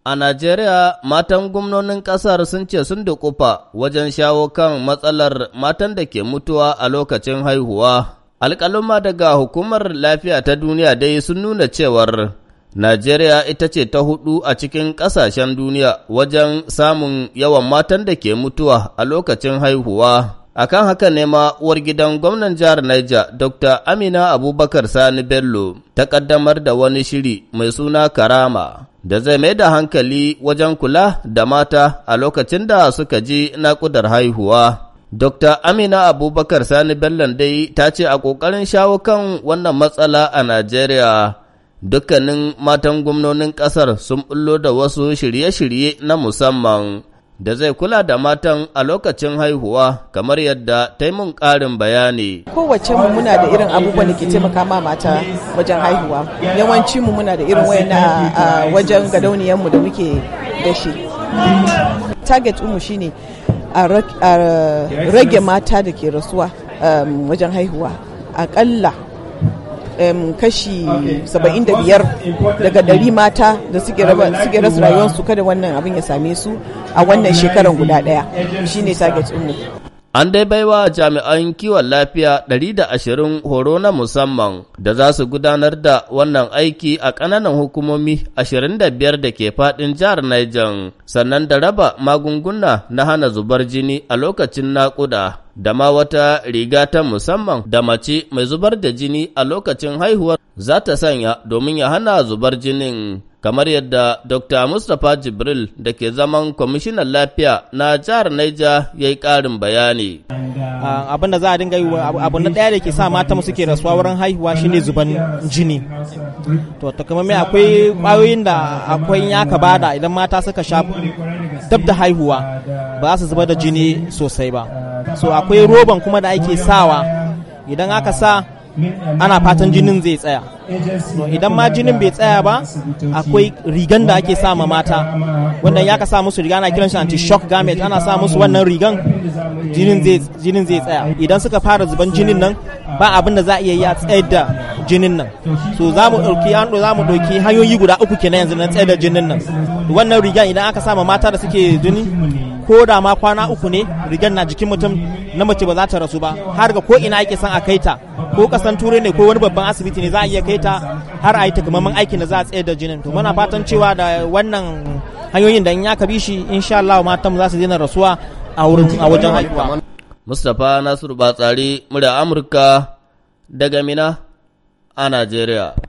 A Najeriya, matan gwamnonin ƙasar sun ce sun kufa wajen shawo kan matsalar matan da ke mutuwa a lokacin haihuwa. Alƙaluma daga hukumar lafiya ta duniya dai sun nuna cewar Najeriya ita ce ta hudu a cikin ƙasashen duniya wajen samun yawan matan da ke mutuwa a lokacin haihuwa. A kan haka ne ma uwar gidan gwamnan jihar Niger, Dr. Amina Abubakar Sani Bello, ta ƙaddamar da wani shiri mai suna Karama. da zai mai da hankali wajen kula da mata a lokacin da suka ji naƙudar haihuwa. Dr. Amina Abubakar Sani Bellan dai ta ce a ƙoƙarin shawo kan wannan matsala a Najeriya dukkanin matan gwamnonin ƙasar sun bullo da wasu shirye-shirye na musamman da zai kula da matan a lokacin haihuwa kamar yadda ta yi mun ƙarin bayani. Kowace mu muna da irin abubuwan da ke taimaka ma mata wajen haihuwa. Yawanci mu muna da irin wayana a ah, ah, wajen gadauniyanmu da muke da shi. Target umu shine a rage mata da ke rasuwa um, wajen haihuwa. Aƙalla kashi 75 daga ɗari mata da suke rasu rayuwarsu kada wannan abin ya same su a wannan shekarar guda ɗaya shine target ɗinmu. An dai baiwa jami'an kiwon lafiya 120 horo na musamman da za su gudanar da wannan aiki a ƙananan hukumomi 25 da ke faɗin jihar Niger, sannan da raba magunguna na hana zubar jini a lokacin naƙuda. da ma wata riga ta musamman da mace mai zubar da jini a lokacin haihuwar za ta sanya domin ya hana zubar jinin kamar yadda Dr. Mustapha Jibril da ke zaman kwamishinan lafiya na jihar Naija ya yi ƙarin bayani. Ah, abinda da za a dinga yi abu na ɗaya da ke sa mata mu suke rasuwa wurin haihuwa shine zuban jini. To, to kamar mai akwai kwayoyin da akwai yaka ka bada idan mata suka sha dab da haihuwa ba su zubar da jini sosai ba. So, akwai roban kuma da ake sawa idan aka sa ana fatan jinin zai tsaya idan ma jinin bai tsaya ba akwai rigan da ake sama mata wannan ya sa musu riga ana kiran shi anti shock garment ana sa musu wannan rigan jinin zai tsaya idan suka fara zuban jinin nan ba abin da za a iya yi a tsayar da jinin nan so za mu ɗauki an za mu ɗauki hanyoyi guda uku kenan yanzu na tsaye da jinin nan wannan rigan idan aka sama mata da suke jini ko da ma kwana uku ne rigan na jikin mutum na mace ba za ta rasu ba har ga ko ina ake son a kai ta ko kasan turai ne ko wani babban asibiti ne za a iya kai ta har a yi takamaiman aikin da za a tsaye da jinin to muna fatan cewa da wannan hanyoyin da in ya kabi shi insha Allah matan za su daina rasuwa a wurin a wajen haihuwa Mustapha Nasiru Batsari murya Amurka daga Mina a Najeriya.